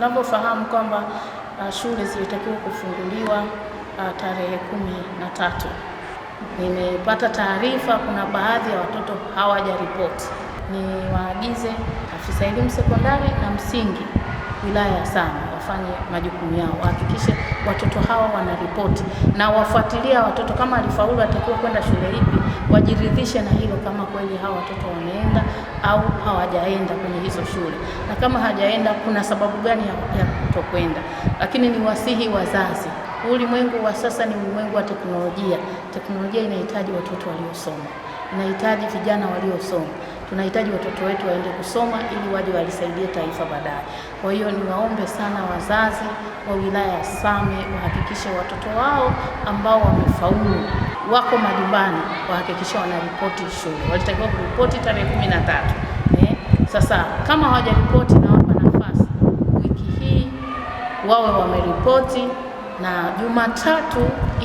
tunavyofahamu kwamba uh, shule zilitakiwa kufunguliwa uh, tarehe kumi na tatu. Nimepata taarifa kuna baadhi ya watoto hawajaripoti. Niwaagize afisa elimu sekondari na msingi wilaya ya Same wafanye majukumu yao, wahakikishe watoto hawa wanaripoti na wafuatilia watoto, kama alifaulu atakiwa kwenda shule ipi, wajiridhishe na hilo, kama kweli hawa watoto wameenda au hawajaenda kwenye hizo shule, na kama hajaenda kuna sababu gani ya kutokwenda. Lakini ni wasihi wazazi, ulimwengu wa sasa ni ulimwengu wa teknolojia. Teknolojia inahitaji watoto waliosoma, inahitaji vijana waliosoma tunahitaji watoto wetu waende kusoma ili waje walisaidie taifa baadaye. Kwa hiyo niwaombe sana wazazi wa wilaya ya Same wahakikishe watoto wao ambao wamefaulu wako majumbani, wahakikishe wanaripoti shule. Walitakiwa kuripoti tarehe kumi na tatu. Eh? Sasa kama hawajaripoti, nawapa nafasi wiki hii wawe wameripoti, na Jumatatu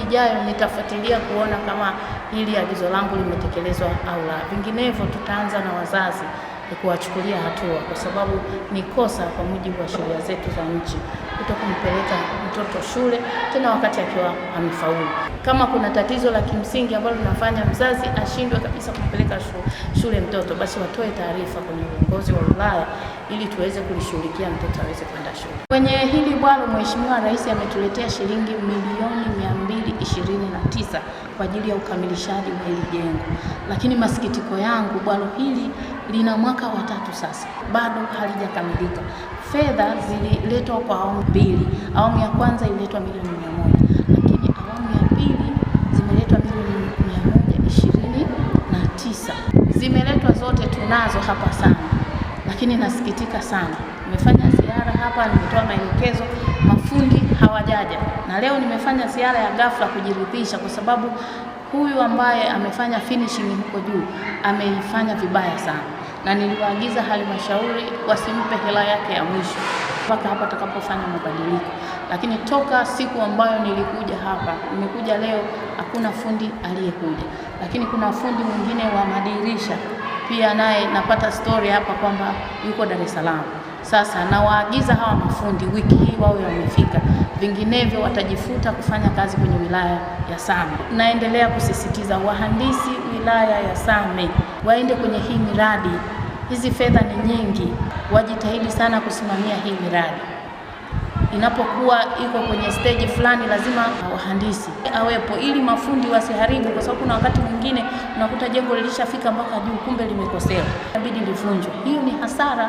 ijayo nitafuatilia kuona kama ili agizo langu limetekelezwa au la. Vinginevyo tutaanza na wazazi kuwachukulia hatua, kwa sababu ni kosa kwa mujibu wa sheria zetu za nchi kutokumpeleka mtoto shule tena wakati akiwa amefaulu. Kama kuna tatizo la kimsingi ambalo linafanya mzazi ashindwe kabisa kumpeleka shule mtoto, basi watoe taarifa kwenye uongozi wa wilaya ili tuweze kulishughulikia mtoto aweze kwenda shule. Kwenye hili bwana, Mheshimiwa Rais ametuletea shilingi milioni mia mbili ishirini tisa kwa ajili ya ukamilishaji wa hili jengo, lakini masikitiko yangu bwalo hili lina mwaka wa tatu sasa, bado halijakamilika. Fedha zililetwa kwa awamu mbili. Awamu ya kwanza ililetwa milioni mia moja lakini awamu ya pili zimeletwa milioni mia moja ishirini na tisa zimeletwa zote, tunazo hapa sana, lakini nasikitika sana, nimefanya ziara hapa, nimetoa maelekezo, mafundi hawajaja, na leo nimefanya ziara ya ghafla kujiridhisha, kwa sababu huyu ambaye amefanya finishing huko juu ameifanya vibaya sana, na niliwaagiza halmashauri wasimpe hela yake ya mwisho mpaka hapa atakapofanya mabadiliko. Lakini toka siku ambayo nilikuja hapa, nimekuja leo, hakuna fundi aliyekuja, lakini kuna fundi mwingine wa madirisha pia naye napata stori hapa kwamba yuko Dar es Salaam. Sasa nawaagiza hawa mafundi wiki hii wawe wamefika, vinginevyo watajifuta kufanya kazi kwenye wilaya ya Same. Naendelea kusisitiza wahandisi wilaya ya Same waende kwenye hii miradi, hizi fedha ni nyingi, wajitahidi sana kusimamia hii miradi. Inapokuwa iko kwenye stage fulani, lazima wahandisi awepo ili mafundi wasiharibu, kwa sababu kuna wakati mwingine unakuta jengo lilishafika mpaka juu, kumbe limekosewa, inabidi livunjwe. Hiyo ni hasara.